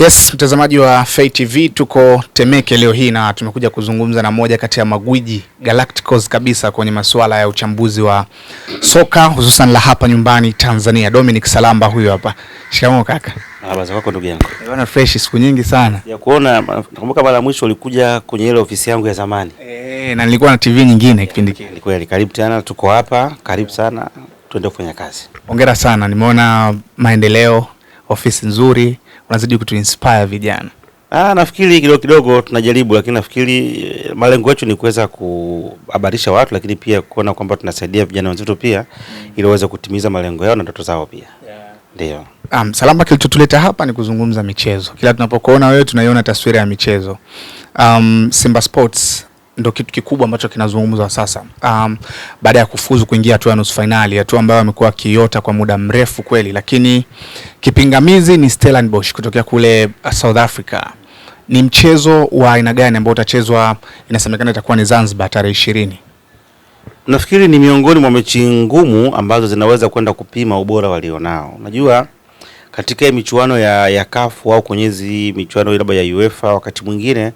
Yes, mtazamaji wa Fay TV tuko Temeke leo hii na tumekuja kuzungumza na moja kati ya magwiji Galacticos kabisa kwenye masuala ya uchambuzi wa soka hususan la hapa nyumbani Tanzania. Dominic Salamba huyo hapa. Shikamoo kaka. Habari ah, za kwako ndugu yangu. Bwana fresh, siku nyingi sana. Ya kuona nakumbuka mara mwisho ulikuja kwenye ile ofisi yangu ya zamani. Eh, na nilikuwa na TV nyingine kipindi kile. Ni kweli, karibu tena tuko hapa, karibu sana. Tuende kufanya kazi. Hongera sana. Nimeona maendeleo, ofisi nzuri unazidi kutuinspire vijana? Ah, nafikiri kidogo kidogo tunajaribu, lakini nafikiri eh, malengo yetu ni kuweza kuhabarisha watu, lakini pia kuona kwamba tunasaidia vijana wenzetu pia mm. ili waweze kutimiza malengo yao na ndoto zao pia yeah. Ndio. Um, Salama, kilichotuleta hapa ni kuzungumza michezo. Kila tunapokuona wewe tunaiona taswira ya michezo. Um, Simba Sports ndo kitu kikubwa ambacho kinazungumzwa sasa, um, baada ya kufuzu kuingia hatua ya nusu fainali, hatua ambayo amekuwa akiota kwa muda mrefu kweli, lakini kipingamizi ni Stellenbosch kutokea kule uh, South Africa. Ni mchezo wa aina gani ambao utachezwa? Inasemekana itakuwa ni Zanzibar tarehe ishirini. Nafikiri ni miongoni mwa mechi ngumu ambazo zinaweza kwenda kupima ubora walionao. Unajua, katika michuano ya, ya kafu au kwenye hizi michuano labda ya UEFA wakati mwingine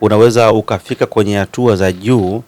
unaweza ukafika kwenye hatua za juu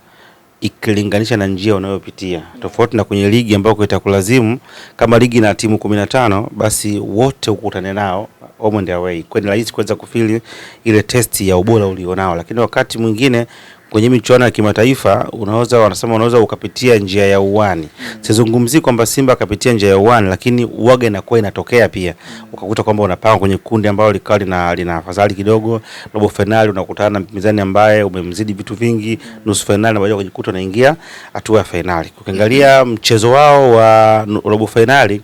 ikilinganisha na njia unayopitia, tofauti na kwenye ligi ambako itakulazimu kama ligi na timu kumi na tano basi wote ukutane nao home and away, kwani rahisi kuweza kufili ile testi ya ubora ulionao, lakini wakati mwingine kwenye michuano ya kimataifa unaweza, wanasema unaweza ukapitia njia ya uwani. Mm. sizungumzi kwamba Simba akapitia njia ya uwani, lakini uwaga inakuwa inatokea pia, mm. ukakuta kwamba unapanga kwenye kundi ambalo likawa lina, lina afadhali kidogo. Robo fainali unakutana na mpinzani ambaye umemzidi vitu vingi, mm. nusu fainali na baadaye kujikuta unaingia hatua ya fainali. Ukiangalia mm-hmm. mchezo wao wa robo fainali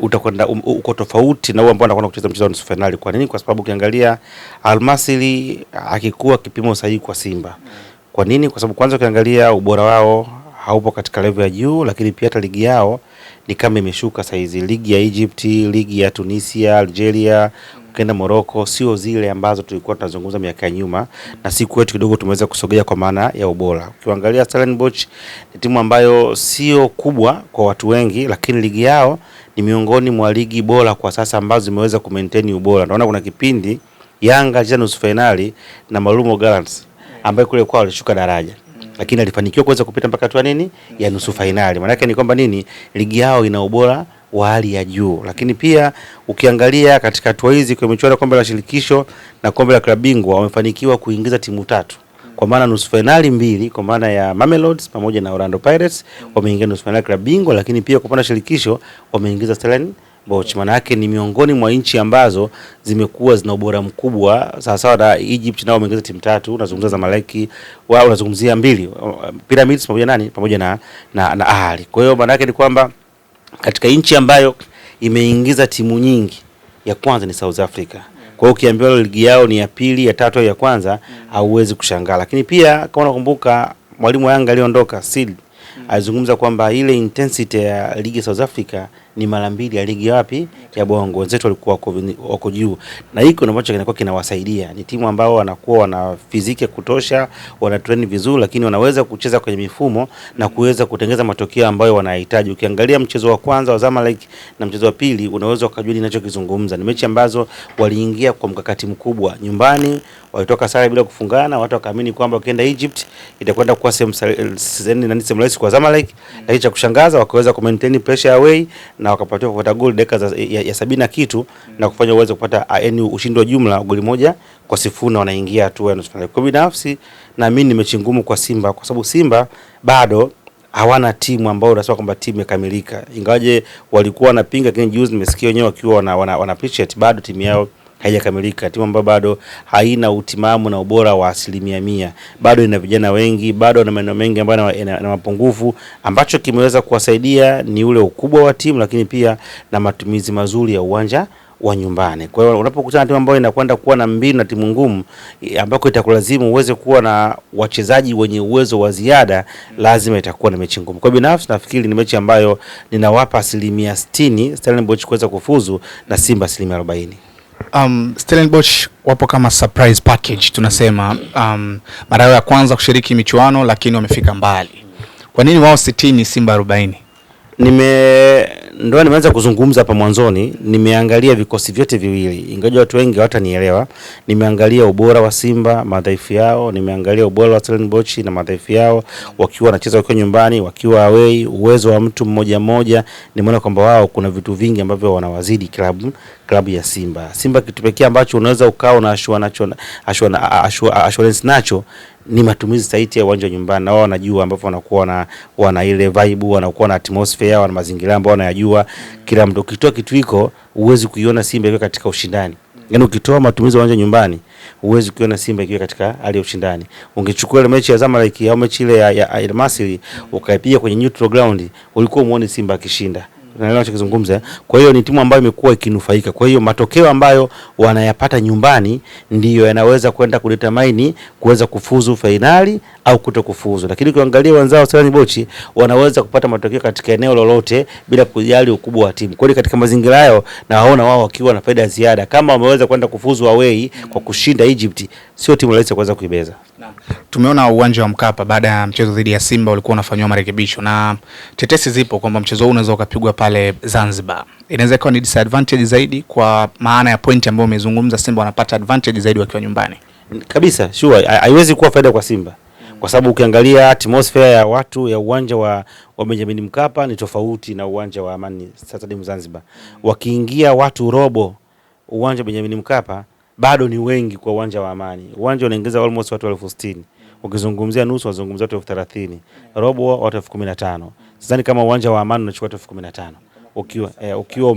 utakwenda um, uko tofauti na huo ambao anakwenda kucheza mchezo wa nusu fainali. Kwa nini? Kwa sababu ukiangalia Almasili akikuwa kipimo sahihi kwa Simba. Kwa nini? Kwa sababu kwanza ukiangalia ubora wao haupo katika level ya juu, lakini pia hata ligi yao ni kama imeshuka saizi, ligi ya Egypt, ligi ya Tunisia, Algeria kwenda Morocco sio zile ambazo tulikuwa tunazungumza miaka ya nyuma, na siku yetu kidogo tumeweza kusogea kwa maana ya ubora. Ukiangalia Stellenbosch ni timu ambayo sio kubwa kwa watu wengi, lakini ligi yao ni miongoni mwa ligi bora kwa sasa ambazo zimeweza kumaintain ubora. Naona kuna kipindi Yanga alicheza nusu finali na Marumo Gallants ambaye kule kwao alishuka daraja lakini alifanikiwa kuweza kupita mpaka tu nini ya nusu fainali. Maana yake ni kwamba nini, ligi yao ina ubora wa hali ya juu. Lakini pia ukiangalia katika hatua hizi kwa michuano ya kombe la shirikisho na kombe la klabu bingwa wamefanikiwa kuingiza timu tatu kwa maana nusu fainali mbili kwa maana ya Mamelodi pamoja na Orlando Pirates wameingia nusu fainali klabu bingwa, lakini pia kwa upande shirikisho wameingiza Stellenbosch. Maana yake ni miongoni mwa nchi ambazo zimekuwa zina ubora mkubwa sawasawa na Egypt, nao wameingiza timu tatu. Unazungumzia Zamalek wao, unazungumzia mbili Pyramids pamoja nani pamoja na na, na Ahli. Kwa hiyo maana yake ni kwamba katika nchi ambayo imeingiza timu nyingi ya kwanza ni South Africa. Kwa hiyo ukiambiwa ligi yao ni ya pili, ya tatu au ya kwanza mm. hauwezi kushangaa. Lakini pia kama unakumbuka mwalimu wa Yanga aliondoka Sid mm. alizungumza kwamba ile intensity ya ligi South Africa ni mara mbili ya ligi wapi ya Bongo, wenzetu walikuwa wako juu, na hiko ambacho kinakuwa kinawasaidia. Ni timu ambao wanakuwa wana fiziki ya kutosha, wana train vizuri, lakini wanaweza kucheza kwenye mifumo na kuweza kutengeza matokeo ambayo wanahitaji. Ukiangalia mchezo wa kwanza wa Zamalek na mchezo wa pili, unaweza ukajua ninachokizungumza. Ni mechi ambazo waliingia kwa mkakati mkubwa nyumbani walitoka sare bila kufungana, watu wakaamini kwamba wakienda Egypt itakwenda kuwa sehemu rahisi kwa Zamalek, lakini cha kushangaza wakaweza maintain pressure away na wakapatiwa kupata goli dakika ya, ya sabini na kitu mm. na kufanya uweze kupata yaani ushindi wa jumla goli moja kwa sifuri na wanaingia hatua ya nusu fainali. Kwa binafsi naamini ni mechi ngumu kwa Simba kwa sababu Simba bado hawana timu ambayo unasema kwamba timu imekamilika, ingawaje walikuwa wanapinga, lakini juzi nimesikia wenyewe wakiwa wana, wana, wana appreciate bado timu yao mm haijakamilika, timu ambayo bado haina utimamu na ubora wa asilimia mia, bado ina vijana wengi, bado na maeneo mengi ambayo na mapungufu. Ambacho kimeweza kuwasaidia ni ule ukubwa wa timu, lakini pia na matumizi mazuri ya uwanja wa nyumbani. Kwa hiyo unapokutana timu ambayo inakwenda kuwa na mbinu na timu ngumu, ambako itakulazimu uweze kuwa na wachezaji wenye uwezo wa ziada, lazima itakuwa na mechi ngumu. Kwa binafsi nafikiri ni mechi ambayo ninawapa asilimia sitini Stellenbosch kuweza kufuzu na Simba asilimia arobaini. Um, Stellenbosch wapo kama surprise package tunasema, um, mara yao ya kwanza kushiriki michuano lakini wamefika mbali. Kwa nini wao 60 Simba 40? nime ndio nimeanza kuzungumza hapa mwanzoni, nimeangalia vikosi vyote viwili, ingawa watu wengi hawatanielewa. Nimeangalia ubora wa Simba, madhaifu yao, nimeangalia ubora wa Stellenbosch na madhaifu yao, wakiwa wanacheza wakiwa nyumbani, wakiwa away, uwezo wa mtu mmoja mmoja. Nimeona kwamba wao kuna vitu vingi ambavyo wanawazidi klabu klabu ya Simba. Simba kitu pekee ambacho unaweza ukao na ashua nacho ni matumizi sahihi ya uwanja nyumbani, na wao wanajua ambapo wanakuwa na wana ile vibe, wanakuwa na atmosphere, wana mazingira ambayo wanayajua kila mtu. Ukitoa kitu hiko, uwezi kuiona Simba ikiwa katika ushindani. Yaani ukitoa matumizi ya uwanja nyumbani, uwezi kuiona Simba ikiwa katika hali ya ushindani. Ungechukua ile mechi ya Zamalek au mechi ile ya Al Masry ukaipiga kwenye neutral ground, ulikuwa muone Simba akishinda naelewa nachokizungumza. Kwa hiyo ni timu ambayo imekuwa ikinufaika. Kwa hiyo matokeo ambayo wanayapata nyumbani ndiyo yanaweza kwenda kudetermine kuweza kufuzu fainali au kuto kufuzu, lakini ukiangalia wenzao Stellenbosch bochi wanaweza kupata matokeo katika eneo lolote bila kujali ukubwa wa timu. Kwa hiyo katika mazingira hayo, nawaona wao wakiwa na faida ziada, kama wameweza kwenda kufuzu away kwa kushinda Egypt sio timu rahisi kuweza kuibeza. Tumeona uwanja wa Mkapa baada ya mchezo dhidi ya Simba ulikuwa unafanywa marekebisho, na tetesi zipo kwamba mchezo huu unaweza ukapigwa pale Zanzibar. Inaweza ikawa ni disadvantage zaidi, kwa maana ya pointi ambayo umezungumza, Simba wanapata advantage zaidi wakiwa nyumbani kabisa. Sure, haiwezi kuwa faida kwa Simba kwa sababu ukiangalia atmosphere ya watu ya uwanja wa, wa Benjamin Mkapa ni tofauti na uwanja wa Amani Stadium Zanzibar. Mm. Wakiingia watu robo uwanja wa Benjamin Mkapa bado ni wengi kwa uwanja wa Amani. Uwanja unaingiza almost watu elfu sitini ukizungumzia nusu wazungumzia watu elfu thelathini robo watu elfu kumi na tano Sidhani kama uwanja wa Amani unachukua watu elfu kumi na tano ukiwa eh, ukiwa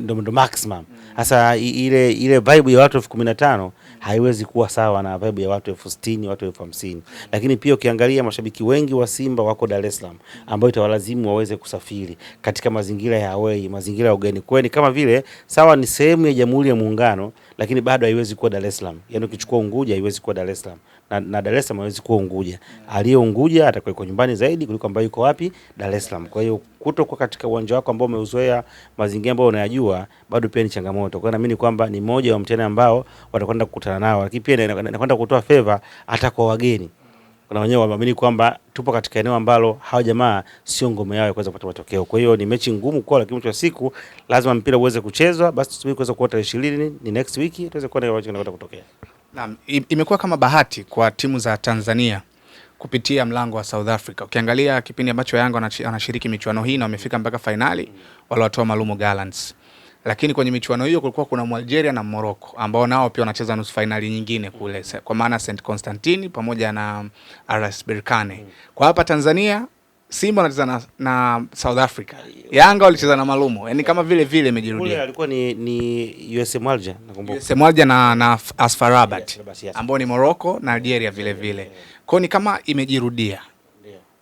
ndo maximum sasa. Ile ile vibe ya watu elfu kumi na tano haiwezi kuwa sawa na vibe ya watu elfu sitini watu elfu hamsini Lakini pia ukiangalia mashabiki wengi wa Simba wako Dar es Salaam, ambao itawalazimu waweze kusafiri katika mazingira ya away, mazingira ya ugeni kweni, kama vile sawa, ni sehemu ya Jamhuri ya Muungano lakini bado haiwezi kuwa Dar es Salaam. Yaani ukichukua Unguja haiwezi kuwa Dar es Salaam na, na Dar es Salaam haiwezi kuwa Unguja. Aliye Unguja atakuwa yuko nyumbani zaidi kuliko ambaye yuko wapi Dar es Salaam. Kwa hiyo kutokuwa katika uwanja wako ambao umeuzoea, mazingira ambayo unayajua, bado pia ni changamoto. Kwa hiyo naamini kwamba ni moja wa mtihani ambao watakwenda kukutana nao, lakini pia inakwenda kutoa favor hata kwa wageni na wenyewe wameamini kwamba tupo katika eneo ambalo hawa jamaa sio ngome yao ya kuweza kupata matokeo. Kwa hiyo ni mechi ngumu kwa, lakini mwisho wa siku lazima mpira uweze kuchezwa. Basi tusubiri kuweza kuota 20 ni next week tuweze kuona kile kinakwenda kutokea. Naam, imekuwa kama bahati kwa timu za Tanzania kupitia mlango wa South Africa. Ukiangalia kipindi ambacho Yanga wanashiriki michuano hii na wamefika mpaka fainali, waliwatoa Malumo Gallants lakini kwenye michuano hiyo kulikuwa kuna Algeria na Morocco ambao nao pia wanacheza nusu fainali nyingine kule, kwa maana St Constantine pamoja na uh, RS Berkane. Kwa hapa Tanzania Simba wanacheza na, na South Africa. Yanga walicheza na Malumo. Yaani kama vile vile imejirudia. Kule alikuwa ni ni USM Alger nakumbuka. USM Alger na na Asfarabat yes, ambao ni Morocco na Algeria vile vile. ni kama imejirudia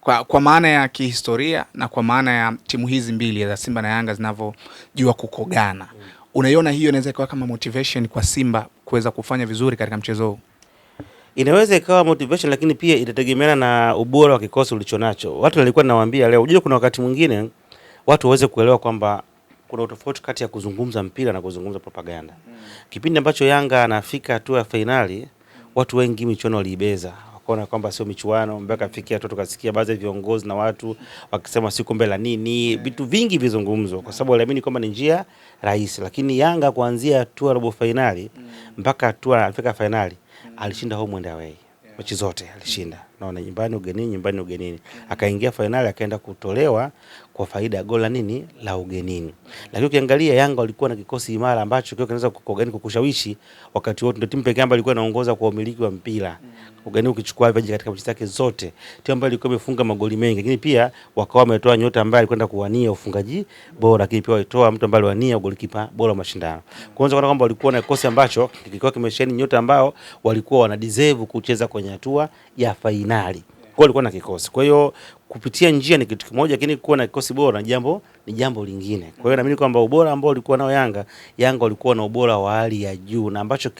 kwa, kwa maana ya kihistoria na kwa maana ya timu hizi mbili za Simba na Yanga zinavyojua kukogana Unaiona hiyo inaweza ikawa kama motivation kwa Simba kuweza kufanya vizuri katika mchezo huu? Inaweza ikawa motivation, lakini pia itategemeana na ubora wa kikosi ulichonacho. Watu nilikuwa nawaambia leo, unajua kuna wakati mwingine watu waweze kuelewa kwamba kuna utofauti kati ya kuzungumza mpira na kuzungumza propaganda mm. Kipindi ambacho Yanga anafika hatua ya fainali, watu wengi michuano waliibeza kuona kwamba sio michuano mpaka fikia tu tukasikia baadhi ya viongozi na watu wakisema siku mbele nini, vitu vingi vizungumzwa, kwa sababu waliamini kwamba ni njia rahisi. Lakini Yanga kuanzia hatua robo fainali mm. mpaka hatua alifika fainali alishinda home and away mechi zote alishinda tunaona nyumbani ugenini, nyumbani ugenini. Akaingia fainali akaenda kutolewa kwa faida ya goli nini la ugenini. Lakini ukiangalia Yanga walikuwa na kikosi imara ambacho kio kinaweza kukogani kukushawishi wakati wote, ndio timu pekee ambayo ilikuwa inaongoza kwa umiliki wa mpira. Ugenini ukichukua vipaji katika mechi zake zote, timu ambayo ilikuwa imefunga magoli mengi, lakini pia wakawa wametoa nyota ambaye alikwenda kuwania ufungaji bora, lakini pia walitoa mtu ambaye aliwania golikipa bora wa mashindano. Kwanza kwa kwamba walikuwa na kikosi ambacho kilikuwa kimesheni nyota ambao walikuwa wana deserve kucheza kwenye hatua ya fainali fainali kwa alikuwa na kikosi. Kwa hiyo kupitia njia ni kitu kimoja, lakini kuwa na kikosi bora ni jambo ni jambo lingine. Kwa hiyo naamini kwamba ubora ambao ulikuwa nao Yanga, Yanga walikuwa na ubora wa hali ya juu na ambacho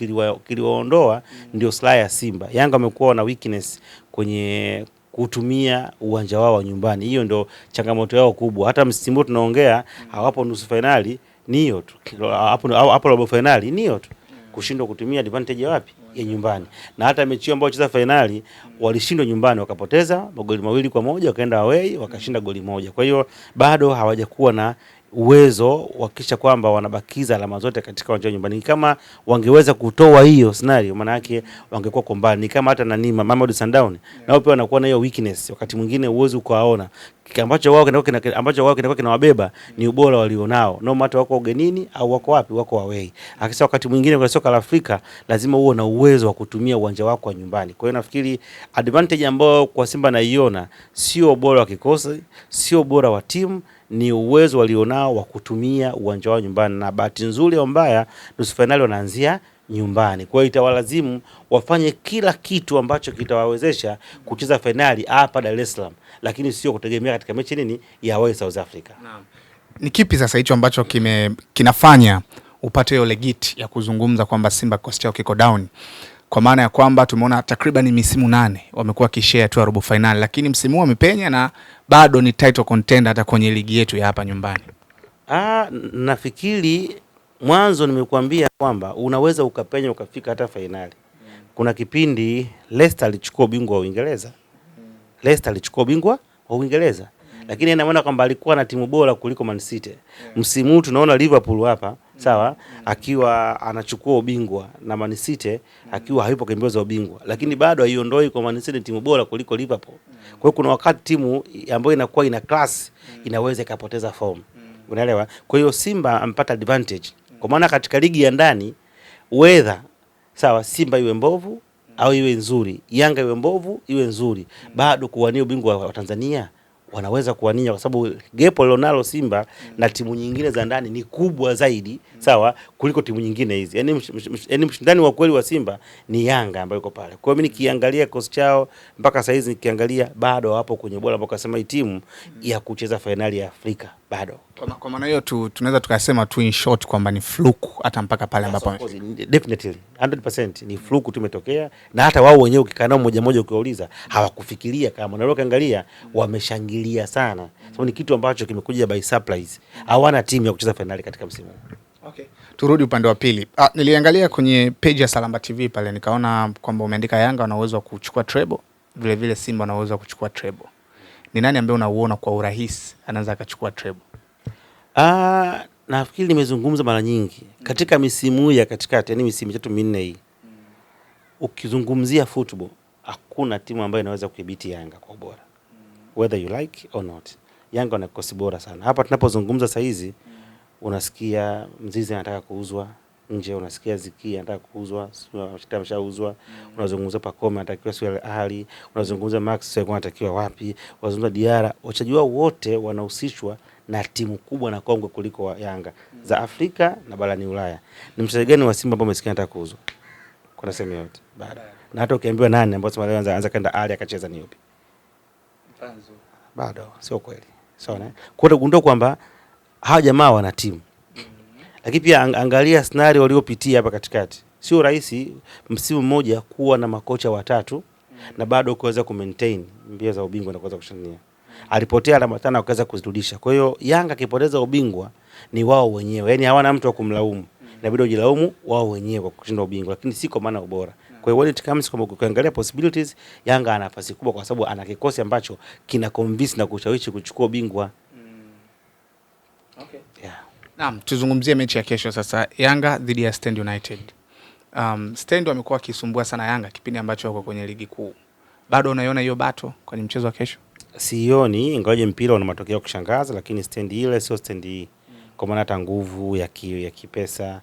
kiliwaondoa kili ndio silaha ya Simba. Yanga wamekuwa na weakness kwenye kutumia uwanja wao wa nyumbani. Hiyo ndio changamoto yao kubwa. Hata msimu tunaongea hawapo nusu fainali, niyo tu hapo hapo robo fainali, niyo tu kushindwa kutumia advantage wapi ya nyumbani, na hata mechi ambayo wacheza fainali walishindwa nyumbani, wakapoteza magoli mawili kwa moja, wakaenda away wakashinda goli moja. Kwa hiyo bado hawajakuwa na uwezo wakisha kwamba wanabakiza alama zote katika uwanja nyumbani. Kama wangeweza kutoa hiyo scenario, maana yake wangekuwa kwa mbali. Ni kama hata nani Mamelodi Sundowns nao pia wanakuwa na hiyo weakness, wakati mwingine uwezo ukaona ambacho wao kinakuwa kina, ambacho wao kinakuwa kinawabeba ni ubora walionao, no matter wako ugenini au wako wapi, wako away. Akisema wakati mwingine kwa soka la Afrika lazima uwe na uwezo wa kutumia uwanja wako wa nyumbani. Kwa hiyo nafikiri advantage ambayo kwa Simba naiona sio ubora wa kikosi, sio ubora wa timu ni uwezo walionao wa kutumia uwanja wao nyumbani, na bahati nzuri au mbaya, nusu fainali wanaanzia nyumbani. Kwa hiyo itawalazimu wafanye kila kitu ambacho kitawawezesha kucheza fainali hapa Dar es Salaam, lakini sio kutegemea katika mechi nini ya wao South Africa. Ni kipi sasa hicho ambacho kime, kinafanya upate hiyo legit ya kuzungumza kwamba Simba kikosi chao kiko down? kwa maana ya kwamba tumeona takriban misimu nane wamekuwa wakishea tu robo fainali lakini msimu huu wamepenya na bado ni title contender hata kwenye ligi yetu ya hapa nyumbani. Ah, nafikiri mwanzo nimekuambia kwamba unaweza ukapenya ukafika hata fainali. Kuna kipindi Leicester alichukua ubingwa wa Uingereza, Leicester alichukua ubingwa wa Uingereza lakini ina maana kwamba alikuwa na timu bora kuliko Man City yeah. Msimu huu tunaona Liverpool hapa mm. sawa mm. akiwa anachukua ubingwa na Man City mm. akiwa hayupo kimbio za ubingwa, lakini bado haiondoi kwa Man City timu bora kuliko Liverpool mm. Kwa hiyo kuna wakati timu ambayo inakuwa ina class mm. inaweza ikapoteza form mm. unaelewa. Kwa hiyo Simba ampata advantage mm. kwa maana katika ligi ya ndani wedha sawa, Simba iwe mbovu mm. au iwe nzuri, Yanga iwe mbovu iwe nzuri, mm. bado kuwania ubingwa wa Tanzania wanaweza kuwania kwa sababu gepo lilonalo Simba mm. na timu nyingine za ndani ni kubwa zaidi mm. sawa kuliko timu nyingine hizi. yani yaani mshindani wa kweli wa Simba ni Yanga ambayo iko pale. Kwa hiyo mimi nikiangalia kikosi chao mpaka hizi nikiangalia bado wapo kwenye bora, ambao kasema hii timu mm. ya kucheza fainali ya Afrika bado. Kwa maana hiyo tu, tunaweza tukasema tu in short kwamba ni fluku hata mpaka pale ambapo definitely 100% ni fluku tu imetokea, na hata wao wenyewe ukikaa nao moja moja ukiwauliza hawakufikiria kama, na leo wameshangilia sana, So, ni kitu ambacho kimekuja by surprise. Hawana timu ya kucheza fainali katika msimu huu. Okay. Turudi upande wa pili. Ah, niliangalia kwenye page ya Salamba TV pale nikaona kwamba umeandika Yanga wana uwezo wa kuchukua treble, vile vile Simba wana uwezo wa kuchukua treble ni nani ambaye unauona kwa urahisi anaweza akachukua treble? Ah, nafikiri nimezungumza mara nyingi katika misimu hii ya katikati, yani misimu mitatu minne hii, ukizungumzia football hakuna timu ambayo inaweza kuibiti Yanga kwa ubora, whether you like or not. Yanga wana kikosi bora sana. Hapa tunapozungumza sasa hizi, unasikia Mzizi anataka kuuzwa nje, unasikia Ziki anataka kuuzwa, ameshauzwa. Mm. Unazungumza Pacome anatakiwa sio hali, unazungumza Max sio anatakiwa wapi, unazungumza Diara. Wachezaji wao wote wanahusishwa na timu kubwa na kongwe kuliko wa Yanga mm. za Afrika na barani Ulaya. Ni mchezaji gani wa Simba ambao umesikia anataka kuuzwa? Kuna sehemu yote baada na hata ukiambiwa nani ambao sema leo anza kwenda Ali akacheza ni yupi? Mpanzo. Bado sio kweli. Sawa, so, eh? na kwa ugundua kwamba hawa jamaa wana timu lakini pia angalia scenario waliopitia hapa katikati. Sio rahisi msimu mmoja kuwa na makocha watatu na bado kuweza kumaintain mbio za ubingwa na kuweza kushindania. Alipotea alama tano akaweza kuzirudisha. Kwa hiyo Yanga akipoteza ubingwa ni wao wenyewe, yani hawana mtu wa kumlaumu inabidi wajilaumu wao wenyewe kwa kushinda ubingwa, lakini si kwa maana ubora. Kwa hiyo when it comes kwa kuangalia possibilities, Yanga ana nafasi kubwa, kwa sababu ana kikosi ambacho kina convince na kushawishi kuchukua ubingwa. Mm. okay. Naam, tuzungumzie mechi ya kesho sasa, Yanga dhidi ya Stand United. Um, Stand wamekuwa wakisumbua sana Yanga kipindi ambacho wako kwenye ligi kuu. Bado unaiona hiyo bato kwenye mchezo wa kesho? Sioni, ingawaje mpira una matokeo ya kushangaza, lakini Stand ile sio Stand hii mm. Kwa maana hata nguvu ya ki, ya kipesa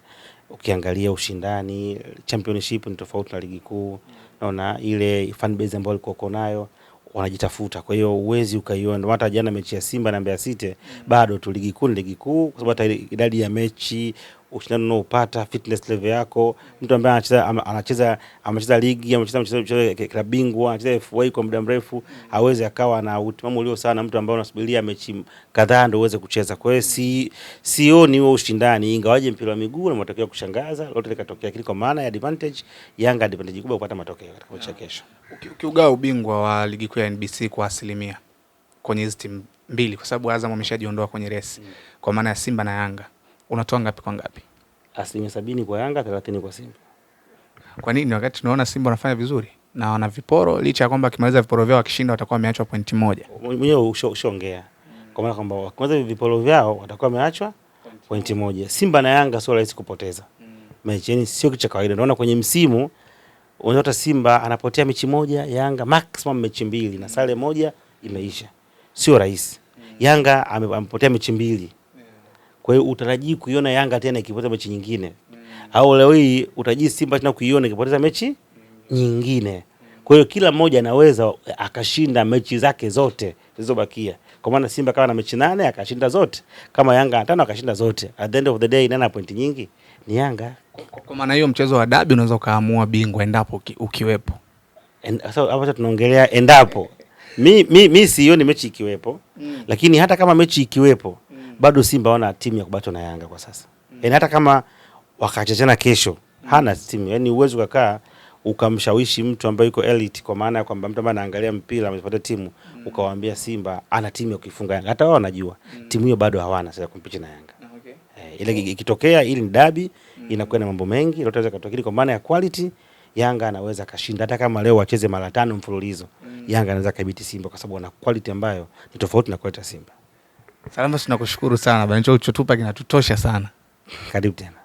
ukiangalia ushindani championship ni tofauti na ligi kuu mm. Naona ile fan base ambayo walikuwa nayo wanajitafuta. Kwa hiyo uwezi ukaiona hata jana mechi ya Simba na Mbeya City bado tu ligi kuu ni ligi kuu, kwa sababu hata idadi ya mechi ushindani unaopata fitness level yako. Mtu ambaye anacheza anacheza amecheza ligi amecheza mchezo klabu bingwa anacheza FA kwa muda mrefu, hawezi akawa na utimamu ulio sana, mtu ambaye unasubiria mechi kadhaa ndio uweze kucheza. Kwa hiyo si ni huo ushindani, ingawaje mpira wa miguu na matokeo kushangaza lote likatokea, lakini kwa maana ya advantage Yanga advantage kubwa kupata matokeo katika mechi ya kesho. Ukiugaa ubingwa wa ligi kuu ya NBC kwa asilimia kwenye hizi timu mbili, kwa sababu Azam ameshajiondoa kwenye resi, mm. kwa maana ya Simba na Yanga unatoa ngapi kwa ngapi? Asilimia sabini kwa Yanga, thelathini kwa Simba. Kwa nini wakati tunaona Simba wanafanya vizuri na wana viporo, licha ya kwamba akimaliza viporo vyao wakishinda watakuwa wameachwa pointi moja? Mwenyewe ushaongea kwa maana kwamba wakimaliza viporo vyao watakuwa wameachwa pointi moja. Simba na Yanga sio rahisi kupoteza mechi, yani sio kitu cha kawaida. Unaona kwenye msimu unaota Simba anapotea mechi moja, Yanga maximum mechi mbili na sare moja imeisha, sio rahisi. Yanga amepotea mechi mbili kwa hiyo utarajii kuiona Yanga tena ikipoteza mechi nyingine mm. au leo hii utarajii Simba tena kuiona ikipoteza mechi mm. nyingine. Kwa hiyo kila mmoja anaweza akashinda mechi zake zote zilizobakia. Kwa maana Simba kama na mechi nane akashinda zote, kama Yanga tano akashinda zote. At the end of the day nana pointi nyingi ni Yanga. Kwa maana hiyo mchezo wa dabi unaweza ukaamua bingwa endapo ukiwepo. Hapo so, tunaongelea endapo mi, mi, mi sioni mechi ikiwepo mm. lakini hata kama mechi ikiwepo bado Simba wana timu ya kubatwa na Yanga kwa sasa mm. Yani hata kama wakachachana kesho mm. hana timu yani, uwezo ukakaa ukamshawishi mtu ambaye yuko elite, kwa maana ya kwamba mtu ambaye anaangalia mpira amepata timu mm. ukawaambia Simba ana timu ya kuifunga Yanga, hata wao wanajua mm. timu hiyo bado hawana sasa kumpicha na Yanga ah, okay. Eh, ile ikitokea ili ni dabi mm. inakuwa na mambo mengi leo tunaweza kwa maana ya quality Yanga anaweza kashinda hata kama leo wacheze mara tano mfululizo mm. Yanga anaweza kabiti Simba kwa sababu ana quality ambayo ni tofauti na quality ya Simba salama tunakushukuru sana bwana, ulichotupa kinatutosha sana. Karibu tena.